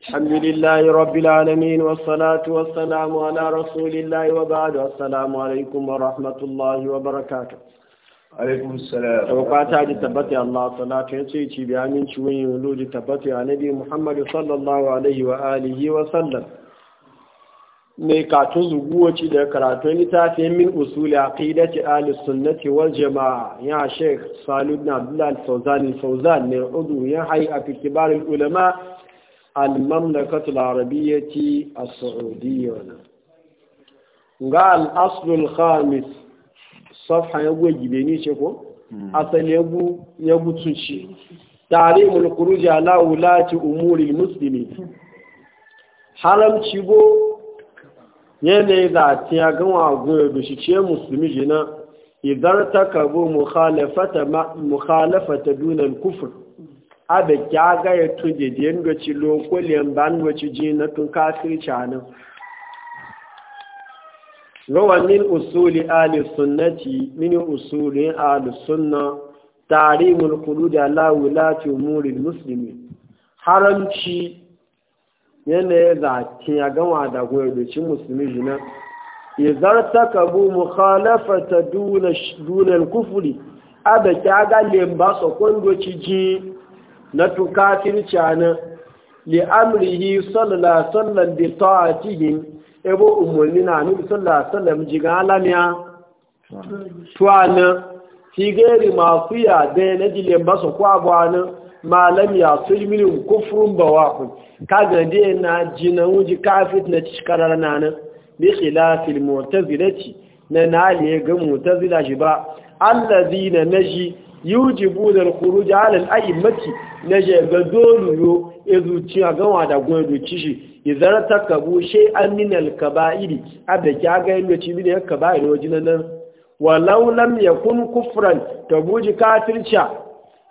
الحمد لله رب العالمين والصلاة والسلام على رسول الله وبعد السلام عليكم ورحمة الله وبركاته عليكم السلام توقعت هذه تبتي الله صلاة ينسيتي بأمين شوين ولود تبتي على نبي محمد صلى الله عليه وآله وسلم mai katun zuguwaci da karatun littafin min usuli aqidati ahli sunnati wal jamaa ya sheikh salud na abdullah fawzan fawzan ne udu ya ulama almamlakatul arabiyyati as-saudiyya na ga al-aslul khamis safha yagwe gibe ni ce ko asali yagu yagu tuci tare mul khuruj ala ulati umuri muslimi haram ci go ne ne da ti agun agun do shi ce muslimi jina idan takabu mukhalafata ma mukhalafata dun al-kufr abe kyaga ya tuje diyan gaci lokoliyan ban ci ji na tun kafirci lo wa min usuli ali sunnati min usuli ahli sunna tarimul qulud ala wulati umuri muslimin haramci yana ya zaki ya gama da goyodocin musulmi jina izar takabu mukhalafata duna duna kufuri abe kyaga lemba go ci ji na tukatin cana li amrihi sallallahu sallam bi ta'atihim ebo umulni na nabi sallallahu sallam jiga alamiya tuana tigeri ma masu ya na jilen mbaso kwa bwana malam ya sulmini kufrun ba ka na jina wuji kafit na cikarar nana bi khilafil mu'tazilati na naliye ga mu'tazila shi ba allazina naji yujibu da khuruj ala al na naje ga doluyo ezuci a ganwa da gwan idan shi ta takabu Aminal min al-kaba'iri abda aga yin doci bi da kaba'iri wajen nan walau lam yakun kufran tabuji kafircha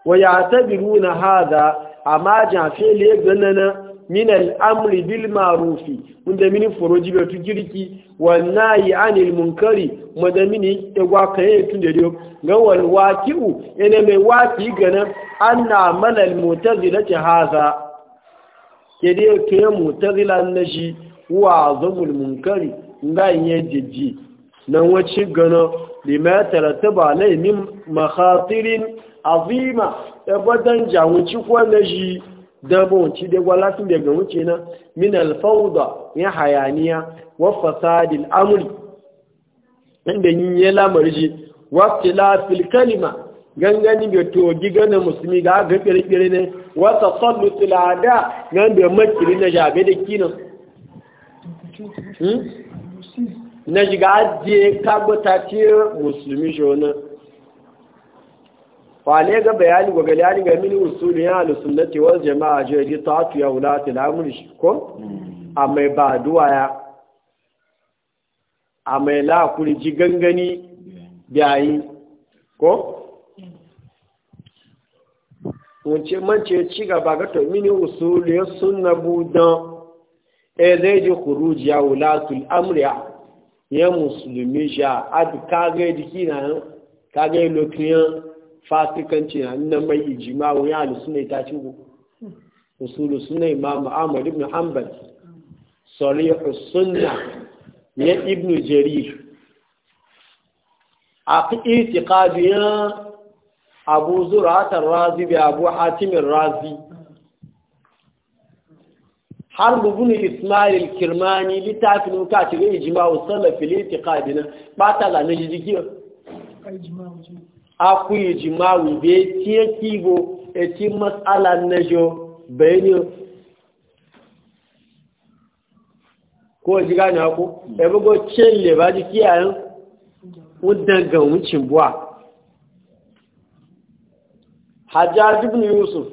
wa ya haza hadha amma jafele ganana min al'amri bil marufi wanda mini furoji bai tukirki wannan yi anil munkari wanda mini ɗagwa kayan tun da diyo ga walwaki'u yana mai waki ganin an na manal mutazila ta haza ke da yake yin mutazila na shi wa zamul munkari nga yi jijji nan wacce gana limatara ta ba na yi min azima ɗabadan jamuci kwanan wanci dabonci da gwalatin daga wuce na min alfauda ya hayaniya wa fasadil amri inda yin ya ji. wa filafil kalima gangani bai togi gana musulmi ga aga kirkiri ne wata tsallu tilada gan bai makiri na jabe da kino. Hmm? na shiga ajiye kagbata ce musulmi shi wani fale ga bayani ga bayani ga mini usuli ya ahlus sunnati jamaa je di taatu ya ulati al shi, ko A mai ba duwa ya amma la kuri ji gangani bayi ko Mun wace mance ci gaba ga to mini usuli ya sunna budan e zai ji khuruji ya ulati al-amr ya ya musulmi ja ad kage dikina kage lokiyan fasikanci hannun mai ijima wani alusunai ta ci go usulu sunai ma muhammad ibn hanbal sarihu sunna ya ibn jarir a fi ya abu zuratar razi bi abu hatimin razi har bubun ismail kirmani littafin ka ci ga ijima usalla fil itiqadina ba ta la ne jijiyar yi akuyi jimawi be tiye kibo e ti matsala na jo bayani ko ji gane ku e bugo celle ba ji kiyayen wudan ga wucin buwa hajjaj ibn yusuf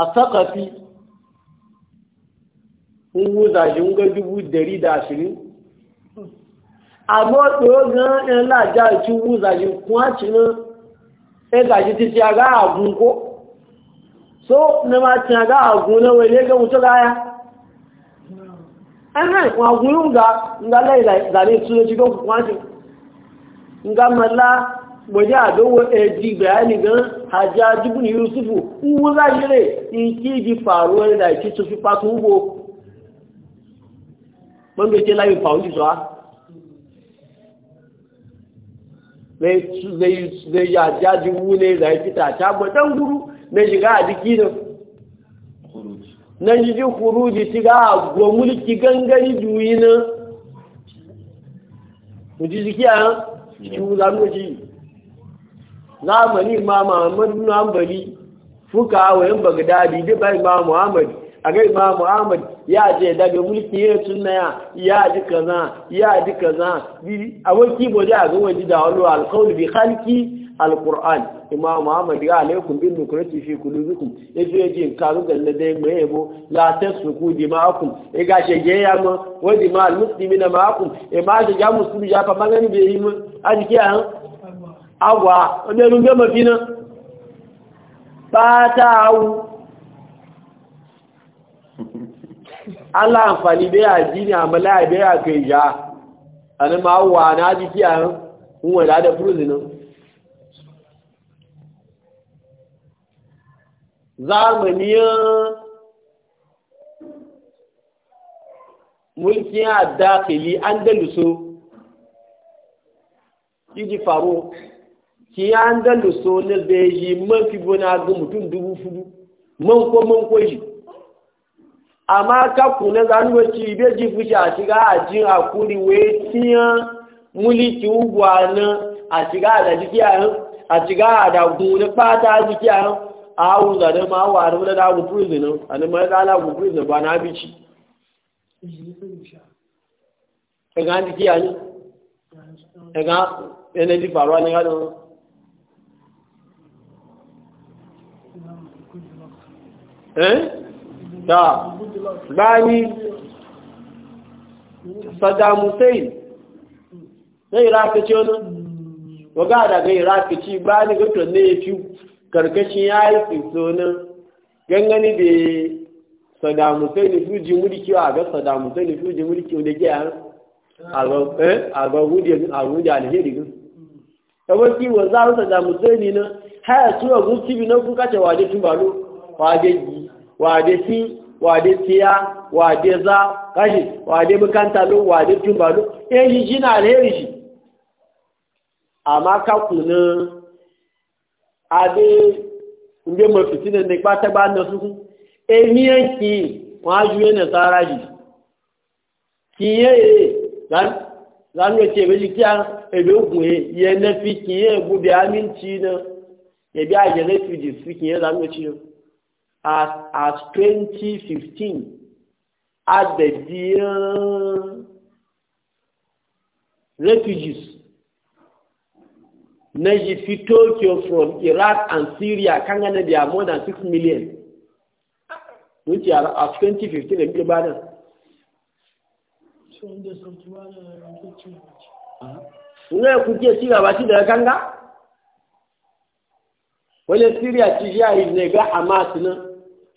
a sakafi un wuza shi un ga dubu dari da ashirin àmọ́ tòó gan ẹ̀lá àjá ìtú wú kún àti náà ẹgbàjì ti ti àgá àgùn kó so ní ma ti àgá àgùn náà wẹ̀lé gẹ́gùn tó gáyá ẹ̀nà ìkùn àgùn yóò ga ńgálẹ̀ ìzàlẹ̀ ìtúlẹ̀ ti gọ́kùn kún àti ńgá mọ́lá gbọ̀dẹ́ àdówó ẹ̀dì ìgbẹ̀ẹ́nì zai ya jaji wune zai fita ta gwadon guru na shiga a jiki nan na jiji kuruji ti ga gwa mulki gangari juyi na mutu jiki a cikin zamuci zamani ma muhammadu na ambali fuka wa yan bagdadi da bai ma muhammadu a ga imam muhammad ya je daga mulki ya sunna ya ya ji kaza ya ji kaza A aboki bude a ga ji da wani alqaul bi halki alkur'an imam muhammad ya alaikum bin nukrati fi qulubikum yaje yaje karu na dai mai yabo la tasfuku dima'akum e ga shege ya wadi ma dima'al na ma'akum ya ma da ya Musulmi ya fa magani bai yi mun a an agwa wanda mafi na. ba ta hawo Allah amfani bai addini amma la bai ya kai ja an ma wa na ji kiya mun wala da prison zamaniyan mulkin addakili andaluso kiji faro ki andaluso na zai yi mafi fi bona ga mutum dubu fudu man ko man ko shi amma ku na zanuwa ci ibe ji fushi a shiga a ji a kuri we tiya muliki ugwa na a shiga a da jiki a a shiga da gune fata a jiki a a hau zane ma wa a rubuta da abu prison a nan mai tsala abu prison ba na bici ẹ̀gá jiki a ni ga ẹni di faruwa ni eh ta bani saddam hussein na iraq ce wani waga daga iraq ci bani gato ne ya fi karkashin ya yi tsiso gangani da saddam hussein fuji mulki a ga saddam hussein fuji mulki wanda ke yan agwagwudi eh, alheri gan yawon kiwon za a saddam hussein na haya tuwa gusti bi na kuka cewa waje balo waje yi wade ti wade tiya wade za kashi wade bukantalu wade tumbalu eji ji na alheri shi amma kakuna ade nde mo fitina ne patagba na suku emi enki ki wa ju ẹ̀nà sára yìí kì í èyí lánàá tí e kí ku ògùn ye ne fi kì í ègbò bí i àmì ń tí náà èbí àjẹ́ lẹ́fìdì sí kì í lánàá tí náà. as as 2015 adadin uh, refugees na ji fito from iraq and syria kan gane da more than 6 million which are as 2015 da biyu bayan ne kuke ci gaba shi daga kanga wani syria ci shi a ne ga hamas na.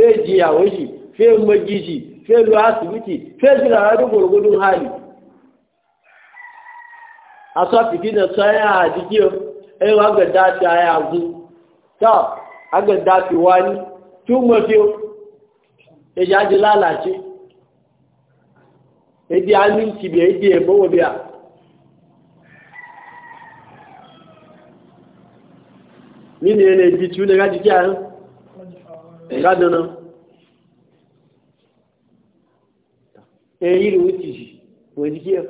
fe jiyawo shi fe magi shi fe lo asibiti fe jirara da gwargwadon hali a sa fiti na tsaye a jikiyo ɗaya e wa ga dafi a yanzu ta a ga dafi wani tun mafi ya e jaji lalace ya e di aminci bai ya di yabo wa biya mini ne bi tu daga jikiya yanzu gádùn náà ẹ̀yìn ìlú ti wọ́n ti kí ẹ̀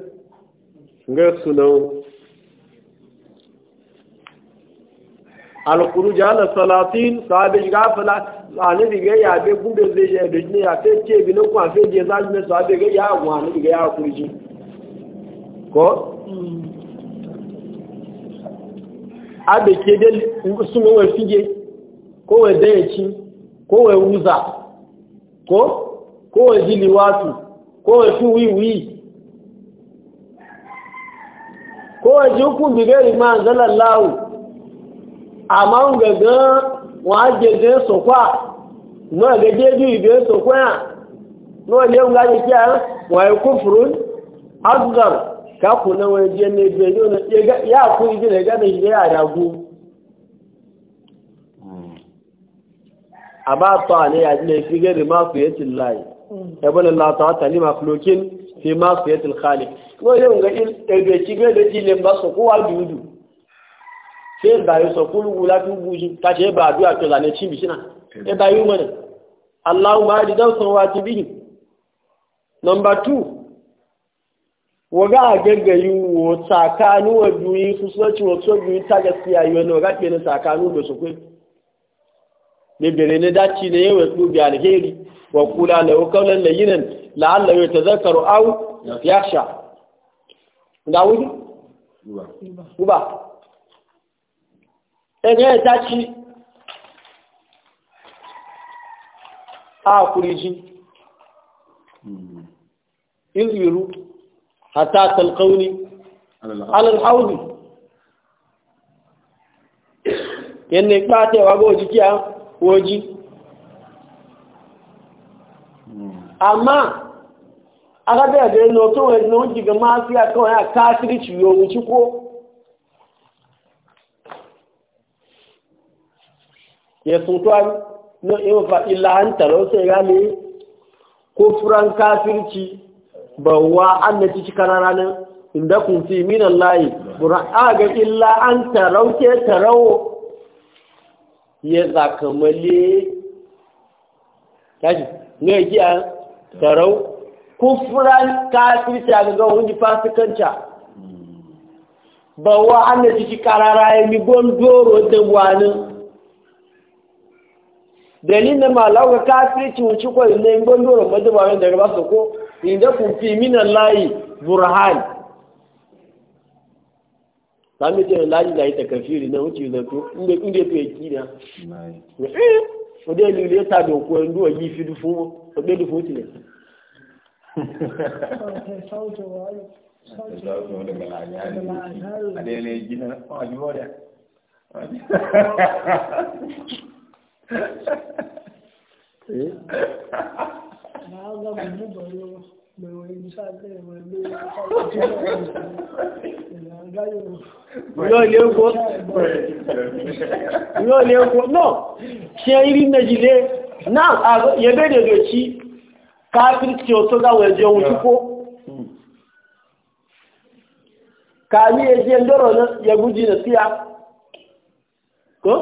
gẹ́sùn náà alkuru jihar salatin sahabi gafala anibi ga ya be gudu zai ya da ne ya sai ce bi na kuma sai je zaji na sahabi ga ya wa anibi ga ya kurji ko mm. abe ke dai sun ga wani ko wani kowe uza ko kowe jili watu kowe tu wiwi kowe juku bigeri manzala lau ama ungaga wajeje sokwa mwageje ju ibe sokwa ya le ungaje kya wa e kufrun asghar ka kuna waje ne be yo ya ku ide ga da ya ragu amma ta ne ya ji ne fi gari ma su yace layi yabon ta ta lima kulokin fi ma su yace khali ko yau ga il ebe ci da ba su kowa dudu sai ba yi so kulu gula tu buji ta ce ba du'a to zane cin bishina ba yi mana sun number a gaggayi tsakanu wa su wa ta gaskiya yi wani waga ke na tsakanu da su kwai bibire ne dace ne yawa dubi alheri wa kula lahu qawlan layyinan la'alla yatazakkaru da wuri uba eh ne dace a kuriji wago jiki a woji amma aka da da yin na wunji ga masu ya kawai a kasiri ciyo wuci ko ya suntuwa na iya fa illa an taro sai gane kufran kasirci bawa an na ci kana ranar inda kun fi minan layi buran aga illa an tarauke tarawo ya zakamale tashi ne giya tarau kufran kafirci a gaggawa wani fasikanta ba wa ana ciki karara ya mi gondoro da wani dalilin malawa kafirci wuce kwayo na yin gondoro madabarin da daga su ko inda kun fi minan layi burhan sami ce laji da ita kafiri na wuce zato inda inda to yaki na eh o de lile ta do ko ndu yi fi du fun o de du fun ti le Eh? Yóò lè kó náà, ṣe rí méjìlé náà yẹ̀bẹ̀ rẹ̀ sí káàkiri tí ó tó dáwọ̀ ẹ̀jẹ̀ ohun tí kó. Kààrí ẹjẹ́ lọ́rọ̀ yẹ̀gújì nà sí a. Kó?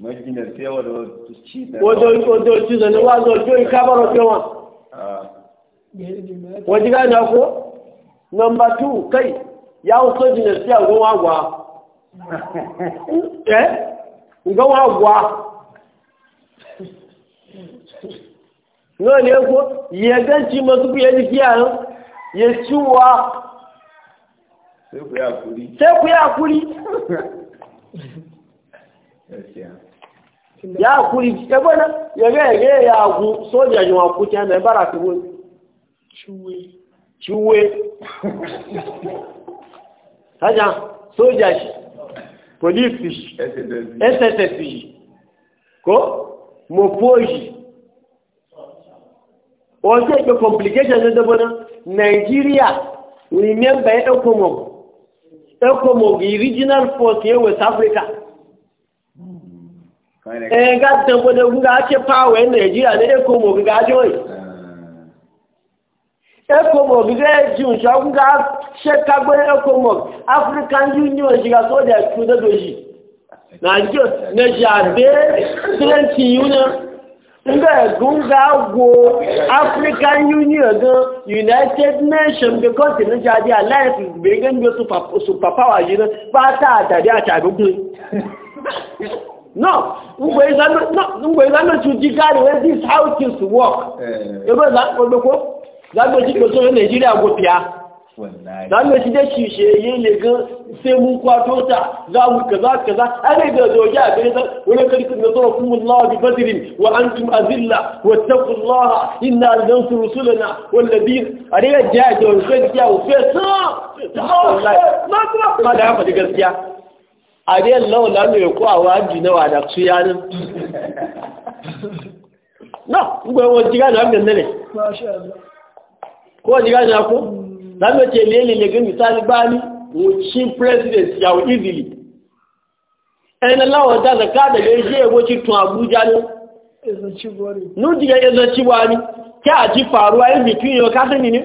Mọ́jì nà wajen ko number 2 kai ya wuce jinarci siya gwan agwa eh gwan agwa náà ni ẹkọ́ yẹ̀ẹ́gẹ́ tí mo tún bí ya kuri ya náà yẹ̀gẹ́ yẹ̀gẹ́ ya agun sójà yìí wọn kú tí ẹmẹ bára ti wó ṣúwé ṣájá sójà ṣì pòlífì sss yìí kó mọ̀pó yìí wọ́n tí ẹgbẹ́ complication ló dẹ́gbẹ́ náà nigeria remember ecomob ecomob original force yẹn west africa eh ga tambo ne ga ce power Nigeria ne ko mo ga joy eko mo ga ji ah. eh, un sha ga she ka gbe eko mo African Union ji ga so da ku da doji na ji ne ja be plenty union nga gun go African Union go United Nations because ni ja di alliance be gan go super super power ji na ba ta da da ta bi No, ngwe zano ji jigari when this how things work. Ebe za gbogbo ko. Zagbo ji ko so Nigeria go pia. Zagbo ji da shi she yi ne ga sai mun kwato ta za mu kaza kaza. Ai da doja a gare ta wani karfi na zuwa kuma Allah bi badrin wa antum azilla wa taqullaha inna lansu rusulana wal ladin ariya jaja wa gaskiya wa fesa. Ma da gaskiya. àríẹ̀ lọ́wọ́ lánàá èkó àwọn àjì náà àdà tó yá ní náà gbogbo ẹwọ́n jígá náà mẹ́lẹ̀ kó jígá náà kó lánàá tí èlé lè gẹ́gẹ́ ìsáàlì bá ní wòchí president yàwó ìzìlì ẹni láwọn dáadáa káàdà lè ṣe èwó ti tún àbújá ní ẹ̀zọ̀ kí àti faru ayé bìtú yìí ká sí nìní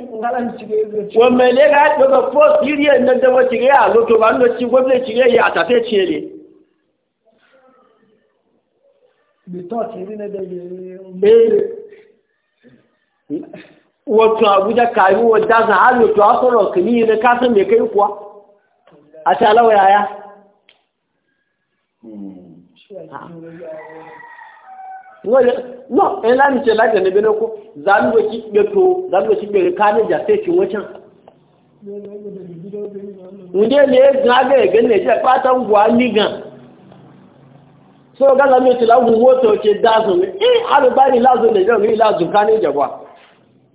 wọ́n mẹ́lẹ́ ká gbogbo post yìí ẹ̀ ǹdẹ́ wọ́n ti rí àlótò wà ló ti gbogbo ti rí ẹ̀yà àtàtẹ́ ti rí. wọ́n tún àbújá kàrí wọ́n dáhùn àlótò àsọ̀rọ̀ kìíní yìí ká sí nìké ìkọ́ wale no en eh, la ce ne bene ko zan go ki beto zan go ki be kanin ja sai kin wacan unde ne ga ga ga ne je patan guwa ni gan so ga la mi eh, ti la wu moto ce dazu ni eh alu bari lazu ne je ni lazu kanin ja gwa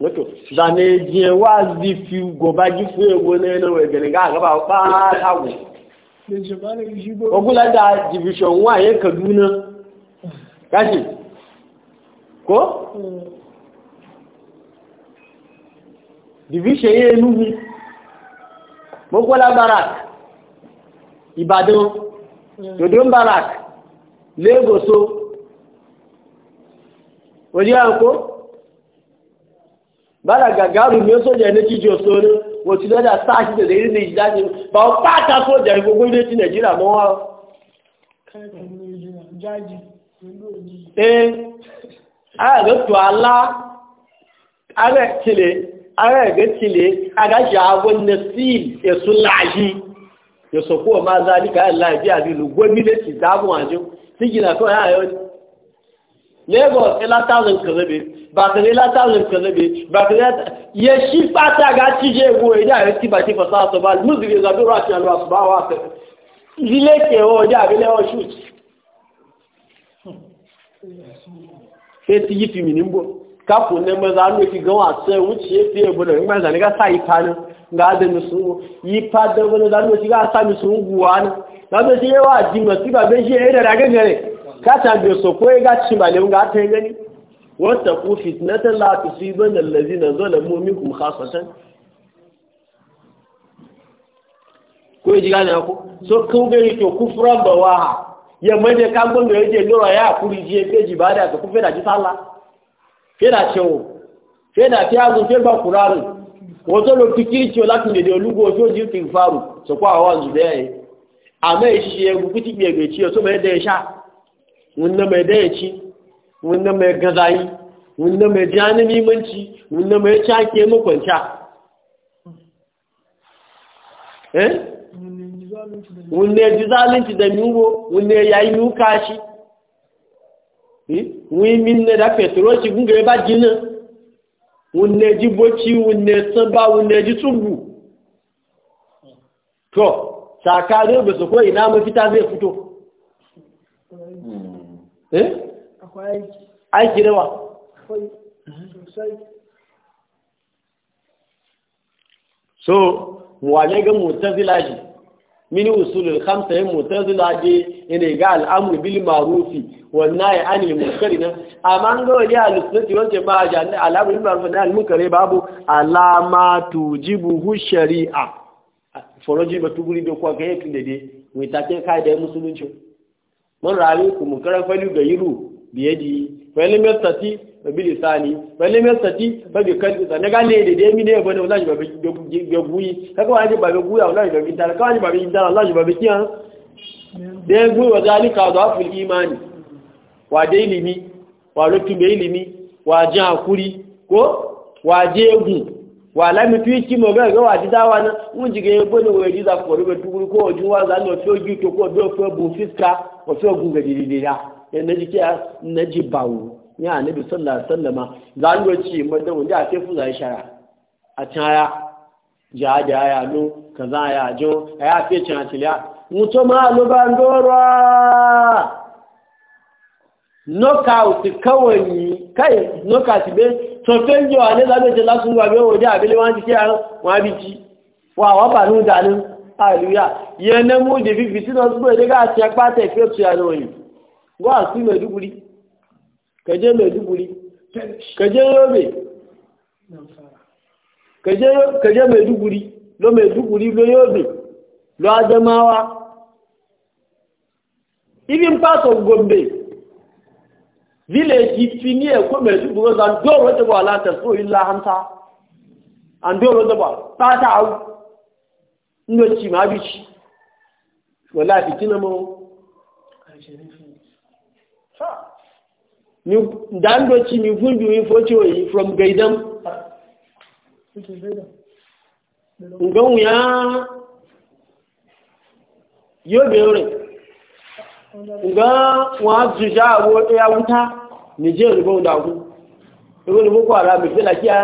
wato zan je wa di fi go ba ji fu ne no we ga ga ba pa ta wu ogula da division 1 kaduna kashi ko division yẹn inú mi mọ́kọ́lá barak ìbàdàn dodon barak lẹ́gọ̀ọ́sọ òní àǹkó bára gàgàrù ni ó sójà ní jíjọ sórí wò tí lọ́dà sáàkì tẹ̀lé rí ní ìdájí bá ó pàtà sójà gbogbo ilé tí nàìjíríà mọ́ wá. káàkiri nàìjíríà jáde pẹ̀lú òjì aga to Allah aga kile aga ga kile aga jawon nasil ya sulaji ya soko ma zalika Allah bi azilu gomi le ti dabu anjo sigina to ya yo Lagos ila thousand kazebe bakare ila thousand kazebe bakare ya shi fata ga tije go ya ya ti ba ti fasa so ba muzuri za do rashi Allah subhanahu wa ta'ala ile ke o ja bile o shoot sai ti yi fiminin bo kafin ne ma za mu fi gan sai wuce ya fiye bude in ba zane ga sa yi kanin ga da musu yi fadar wani za mu fi ga sa musu guwa na za mu fi yawa ji masu ba bai shi ya yi da ragar gare ka ta bai so ko ya gaci ba ne ga ta yi gani wata ku fitnatan la tu si ban allazi na zola mu min kum khasatan ko ji gane ko so kun gari to kufran bawaha ya mai da kangon da yake lura ya kuri je feji ba da ka kufe da ji sallah fe da cewo fe da fi azu fe ba kurarin wato lo fikiri ciwo láti lè dé olúgbò tí jo jí fi faru sọ kó àwọn àzù bẹ́ẹ̀ àmọ́ èṣì egun kú ti gbé tí ọ̀tọ́ mẹ́ẹ̀dẹ́ ẹ̀ṣá wọn ná mun wunne ji zalunci da miwo wunne ya yi nuka shi eh? wun min ne da petro shi gunga ya ba jinin wunne ji boci wunne san ba wunne ji tsubu to tsakanin ba su ko ina mafita zai fito hmm. eh? aiki rawa so mu wane ga mutazila shi mini usulul khamsa yin mutazila je ina ga al'amu bil ma'rufi wan nahy ani munkari nan amma an ga wani al-sunnati wanda ba ja ne bil eh, babu alama tujibu shari'a foroji ba tuguri da tun da dai mun rayu ku mun ga yiru biyadi bilisani balle mai sati ba bi kan da na gane da dai mine bane wallahi ba ga guyi kaga wani ba ga guya wallahi ba bin talaka wani ba bin talaka wallahi ba bikiya da guyi wa zalika da afil imani wa da ilimi wa lutu da ilimi wa ji hakuri ko wa je gu wa lami fi ki mo ga ga wa ji dawa na mun ji ga ne wa ji za ko rube tukuru ko ju wa za no to gi to ko do ko bu fiska ko so gu ga di di da na ji ke na ji bawo ya annabi sallallahu alaihi wasallama za mu ci madan da ake fuza shara a taya ja da ya no kaza ya jo ya fi cin atiliya muto ma lo bandora knockout kawai ni kai knockout be to jo ale la be la sun wa be o da be wan ti ara wa bi ti wa wa ba nu da ni hallelujah ye na mu de bi bi ti no so de ga ti pa te fi o ti ya ara oyin wa si me duguri ka je maiduguri ka je yobe ka je maiduguri lo maiduguri lo yobe lo adamawa even part of gombe village fini ẹ̀kọ́ maiduguri ọ̀sán dọ́rọ̀ tẹ́bọ̀ alátẹ̀sọ́ ilá hanta àndọ́rọ̀ tẹ́bọ̀ pátá àwọn nnochi ma abichi wọ́n láti tí na dan doci mi fundu mi yi from gaidam ngan ya yo beore nga wa zuja wo ya wuta ni je ribo da ku ribo ni boko ara mi fela kiya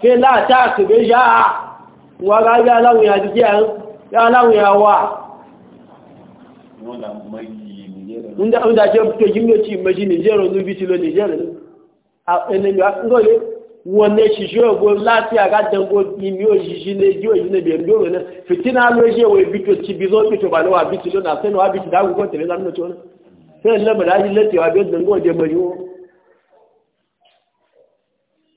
ke la ta ku be ya wa ga ya lawo ya ji ya ya lawo ya wa wala mai ńdá ńdá jẹ́ péjú méjì méjì nìjẹ́rọ níbi tí lọ nìjẹ́rọ ẹnìyàn ńgọ́lé wọn ní ṣiṣẹ́ ògbó láti àgádẹ́gbó ìmí òṣìṣì ní ìjọ èyí níbi ẹ̀mí òrò náà fìtínà ló ṣe ìwé ibi tó ti bí lọ́pì tó bà lọ́wọ́ àbí ti lọ́nà àfẹ́nu àbí ti na tẹ̀lé lánàá tó náà fẹ́ẹ̀ lẹ́mọ̀lá yìí lẹ́tẹ̀ àbí ọdún gbọ́n jẹ mọ̀ yíwọ́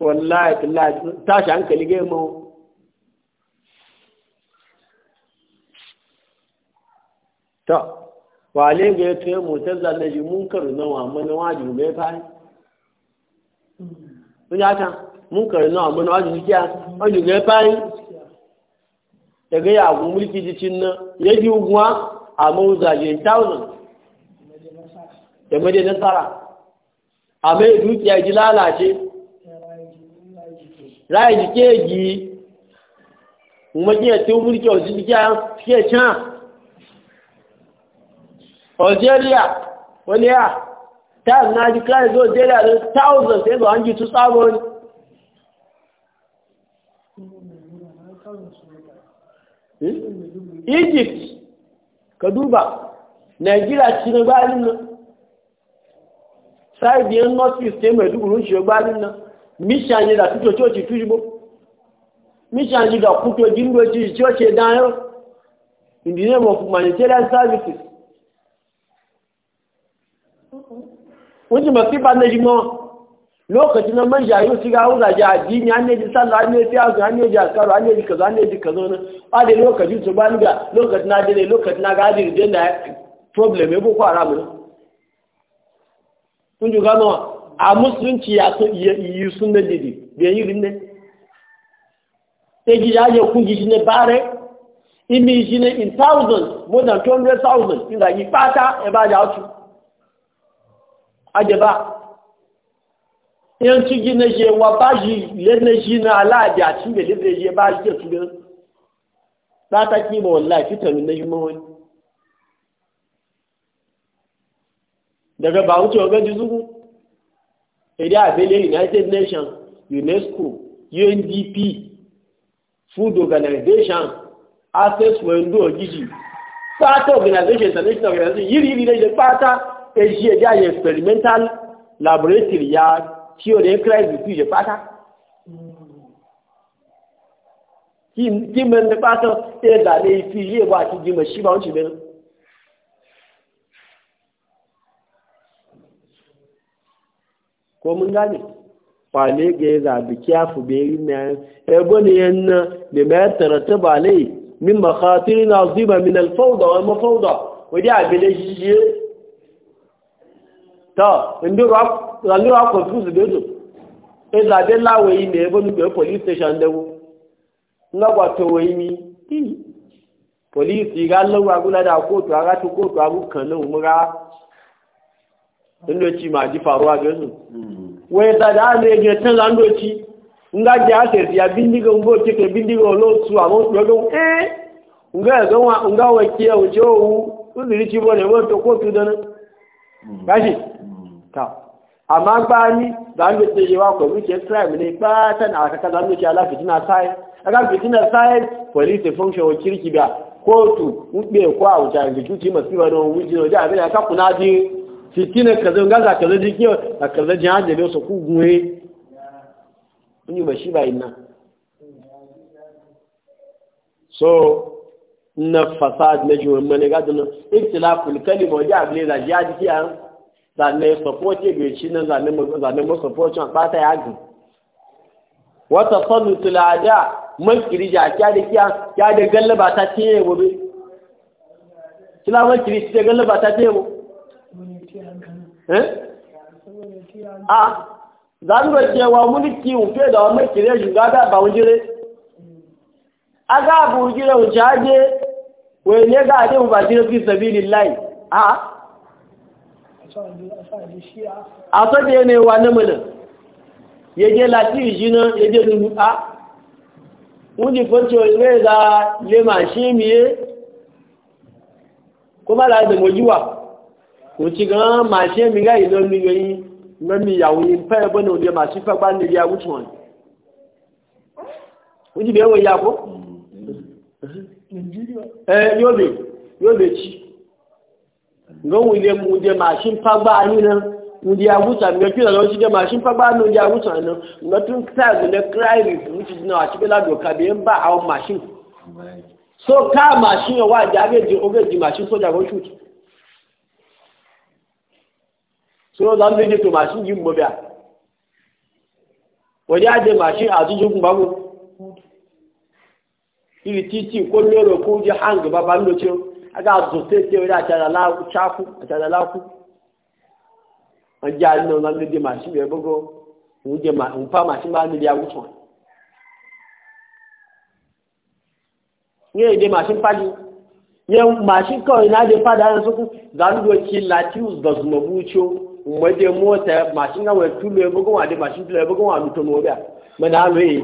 wallahi billahi tashi hankali ga mu to wale ga ya tuye mutazza na mun munkaru na wa mana wajibi bai fayi sun ya ta munkaru na wa mana wajibi kiya wajibi bai fayi daga ya gun mulki jicin nan ya ji guwa a mawuza je 1000 da made nasara a mai dukiya ji lalace rayu jike ji kuma kiyar tun mulki wasu jikiya fiye can algeria wani ya ta na ji kayan zuwa algeria da thousands sai zuwa hangi su tsagon egypt ka duba nigeria ci na gbanin nan saibiyan north east mai duburun shi gbanin nan mishan yi da fito coci tujibo mishan yi da fito jimbo ci coci dayo in the name of humanitarian services wuce mafi ba na jimo lokacin na manja yau shiga hauza ji addini an neji sallah an neji azu an neji askaru an neji kazo an neji kazo na ba da lokacin su ba ni ga lokacin na dare lokacin na gaji da yadda problem ya boko haram ne kun ji gano a musulunci ya so yi sunna didi bai yi rinne sai ji ya je kun ji ne bare imi shi ne in thousands more than 200,000 in yi fata ya ba da wasu ajaba yan cigi na ṣe wa ba shi na shi na alaji a cin bele zai bá ṣe shi ke su gan ba na ṣe wani daga ba wuce wa gaji zugu united nations unesco undp food organization access window gidi pata organization international organization yiri yiri da pata eji eji anyị experimental laboratory ya theory crisis ije pata kí mẹ́ ní pátọ́ ẹ̀dà lè fi ilé ìwà àti jímọ̀ síbà ń ṣìbẹ̀rẹ̀ ko mun gane kwale ga ya zaɓi kyafu bai yi na ebe ne yan na da mai tarata ba lai min makhatiri na zuba min alfauda wani mafauda wadda abin da shi tọ́ ìlúra confuse lódò ìlàdé láwọ̀ yìí ní ẹbọ́n nígbẹ̀ police station lẹ́wọ́ ńlọ́gbà tó wọ yìí ní police ìgá lọ́wọ́ agúnlẹ́dà kóòtù ara tó kóòtù agú kan lóhùn múra ńlọ́tí mà jí faruwa gẹ́sù wọ́n yẹ tàdá ẹgbẹ́ tán lá ńlọ́tí ńlá jẹ́ àṣẹ̀sì àbíndígọ̀ ńgbó tẹ́kẹ̀ bíndígọ̀ lóòtù àwọn òṣèlú ẹ́ ńgá ẹ̀gbọ́n ńgá wọ̀ kí ẹ̀ òjò òwú ó sì rí tí wọ́n ẹ̀wọ́n tó kóòtù dáná gashi ta amma ba ni za mu ce yawa ko crime ne ba tan a kaka za mu ce ala fitina sai aka fitina sai police function wa kirki kotu ube ko a wuta da masu masiba don wuji da da abin aka kuna ji fitina kaza gaza kaza ji kiyo kaza ji hanje da su ku guwe ni ba shi ba inna so na fasad na jiwon mani gadon ikhtilaful kalima wajen abin da ya ji kiyan zane sapote bai ci na zane sopoti a fata ya gina wata sanu tulada man kirija kya da kya kya da gallaba ta teye gobe kila man kiriji da gallaba ta teye go eh a zanu ba cewa mulki ufe da wa man kiriji ga ga ba wujire aga bu wujire wujaje wai ne ga ade mu ba shi fi sabilillahi a a so da ne wa na mun yaje lati jina yaje dunu a wuni fonto ne da le ma shi miye kuma la da mojiwa ko ci ga ma shi mi ga ido mi yoyin mami yawo ni pe ko mm. eh yobe yobe ci ga wule mu je mashin fagba ni nan mu je agusa mi kira lo je mashin fagba ni je agusa nan ga tun ta ga da crime which is now achi bela ka be ba awon mashin so ka mashin wa jage je oge ji mashin so jago shoot so zan je to mashin yin mo biya waje aje mashin a jujun iri titi ko lero ko ji hang baba ndo cho aga zo te te ira cha la ku. cha la ku anja no na ndi ma shi be bogo nje ma mpa ma shi ma ndi ya wuto nye de ma shi pali nye ma shi ko ina de pada na suku zan do la ti us do zuma bucho mo de mota ma shi ga we tulo e bogo wa de ma shi tulo bogo wa luto no yi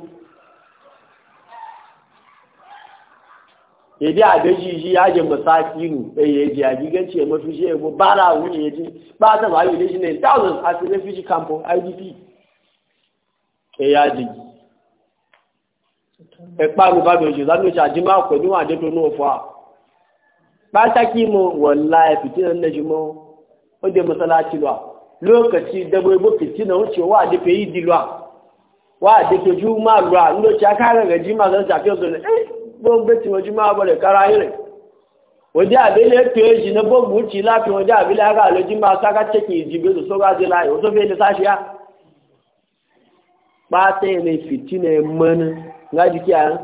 èdè eh, eh, eh, ya ji ajẹ́ mọ̀sáàkínú ẹ̀yẹ mafi shi ya fi ṣe ẹ̀mọ́ bára àwọn ba jí pàtàkì ayò lè ṣe ní thousands àti refugee camp idp ẹ̀yà àjèjì ẹ̀pá àrùbábẹ̀ òjò lánàá àjímá pẹ̀lú àdẹ́tò náà fọ́ à pàtàkì mọ̀ wọ̀lá ẹ̀fìtì náà lẹ́jù mọ́ ó dé mọ́sálásí lọ lóòkàtí dẹ́gbẹ̀ẹ́gbẹ́ fìtì náà ó ṣe wá àdẹ́fẹ́ yìí di a. wa da ke juma ruwa inda ci aka haka ga jima zan tafi yanzu ne eh gbogbo beti wa juma ba da kara yire wajen abin ya fiye shi na gbogbo wuce lafi wajen abin ya ga alojin ma sa ka cikin jibe su so ba zai layi wasu fiye da sashiya ba ta yi ne fitina mana nga jiki a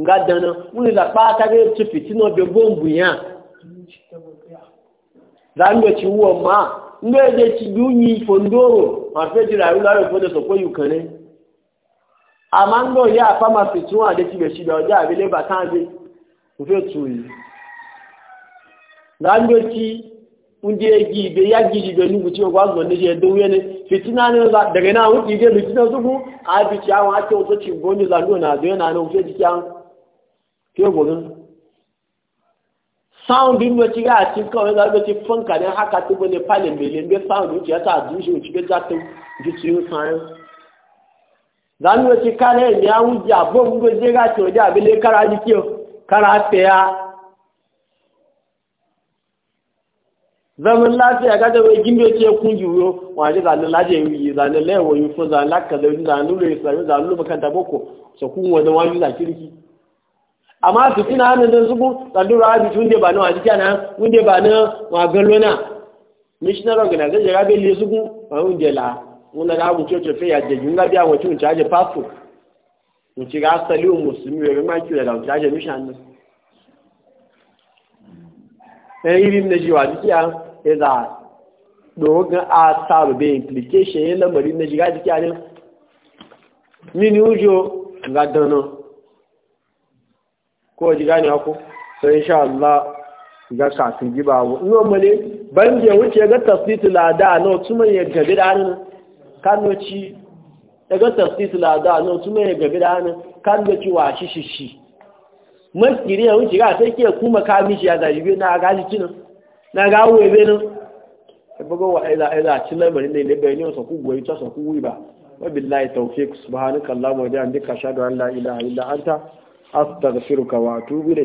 nga dana wani da ba ta ga ci fitina bai gbogbo ya Zan mu ci wuwan ma nga da ci duniya fondoro ma fiye jira yi lari fondoro so ko yi kane àmá ń lò yá pharmacy tí wọ́n àdé ti bẹ̀ṣì bẹ̀ ọjọ́ àbílẹ̀ bàtánjẹ́ kò fẹ́ tù yìí láńgbé tí ń dé egi ìgbé yá gidi ìgbé nígbù tí ọgbà gbọ̀n níṣẹ́ ẹ̀dọ́ wíyẹn ni fìtínà ní ọ̀la dẹ̀rẹ̀ náà wọ́n ti gé fìtínà sókún àbí tí àwọn àti tó ti gbọ́ zanu wa ci kare ne ya wuce abin gwaje ga ce waje abin ne kara jiki kara tsaya zaman lafiya ga da wai gimbe ce kun yiwu waje zanen laje zanen laiwa yi zanen laka da zanen lura yi sami zanen lura kan taboko so da wajen wani amma su tina hannun don zubu tsadura abi tun ba na wunde ba na ga be le zubu wunde la Wannan ga agwụ chọọchị fe ya jeju nga bịa nwechi nche aje pastọ nchi ga asali musulmi were ma ki wera nche aje mishan nan? ɗan eh, irin na jiwa jikiya ya za ɗogon a sabu bai implication yin lamarin na jiga jikiya ne mini ujo ga dana ko jiga ne ako sai insha Allah ga kafin gibawo in wani ban je wuce ga tasditul ada na wasu manyan gabi da hannun kanoci daga tafsir lada no tume ya gabi da hannun kanoci wa shi shi shi maskiri ya wuce ga sai ke kuma kamishi ya zajibe na gaji kinan na gawo ebe ya ibogo wa ila ila ci lamarin ne daga ne goyi ta ita ku kuguwa ba wabillahi tawfiq subhanakallahumma wa bihamdika ashhadu an la ilaha illa anta astaghfiruka wa atubu